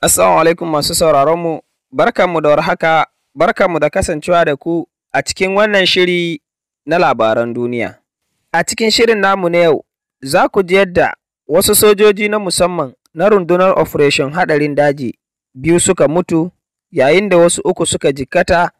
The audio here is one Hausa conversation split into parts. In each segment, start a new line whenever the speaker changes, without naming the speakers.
Assalamu alaikum masu sauraronmu, barkanmu da warhaka, barkanmu da kasancewa da ku a cikin wannan shiri na labaran duniya. A cikin shirin namu na yau, za ku ji yadda wasu sojoji na musamman na rundunar Operation Haɗarin Daji biyu suka mutu, yayin da wasu uku suka jikkata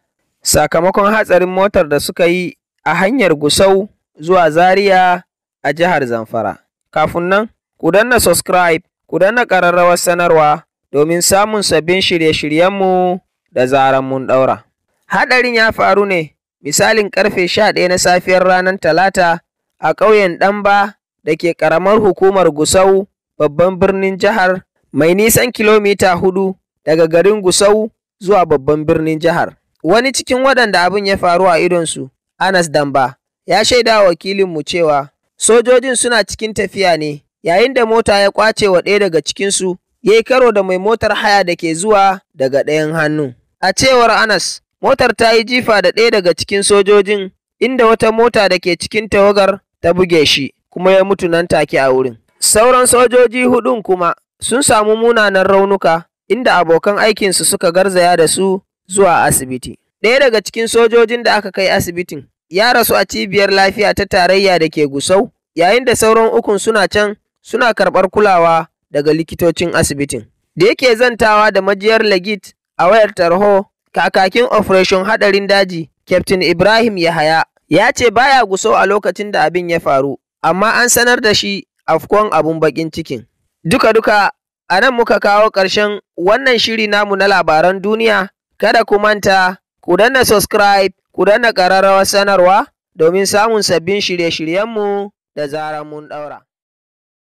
sakamakon hatsarin motar da suka yi a hanyar Gusau zuwa Zaria a jihar Zamfara. Kafin nan, ku danna subscribe, ku danna ƙararrawar sanarwa. domin samun sabbin shirye-shiryenmu da zaran mun ɗaura. Haɗarin ya faru ne misalin ƙarfe sha ɗaya na safiyar ranar Talata a ƙauyen Ɗanba da ke ƙaramar hukumar Gusau babban birnin jihar mai nisan kilomita hudu daga garin Gusau zuwa babban birnin jihar. Wani cikin waɗanda abin ya faru a idonsu, Anas Damba, ya shaida wa wakilinmu cewa sojojin suna cikin tafiya ne yayin da mota ya kwace wa ɗaya daga cikinsu ya yi karo da mai motar haya da ke zuwa daga ɗayan hannu. A cewar Anas, motar ta yi jifa da ɗaya daga cikin sojojin inda wata mota da ke cikin tawagar ta buge shi kuma ya mutu nan take a wurin. Sauran sojoji hudun kuma sun samu munanan raunuka inda abokan aikinsu suka garzaya da su zuwa asibiti. Ɗaya daga cikin sojojin da aka kai asibitin ya rasu a cibiyar lafiya ta tarayya da ke Gusau, yayin da sauran ukun suna can suna karɓar kulawa daga likitocin asibitin. Da yake zantawa da majiyar Legit a wayar tarho, kakakin Operation Hadarin Daji, Captain Ibrahim Yahaya, ya ce baya guso a lokacin da abin ya faru, amma an sanar da shi afkon abun bakin cikin. Duka-duka, a nan muka kawo ƙarshen wannan shiri namu na labaran duniya, kada ku manta, ku danna subscribe, ku danna ƙararrawar sanarwa domin samun sabbin shirye-shiryenmu da zarar mun ɗaura.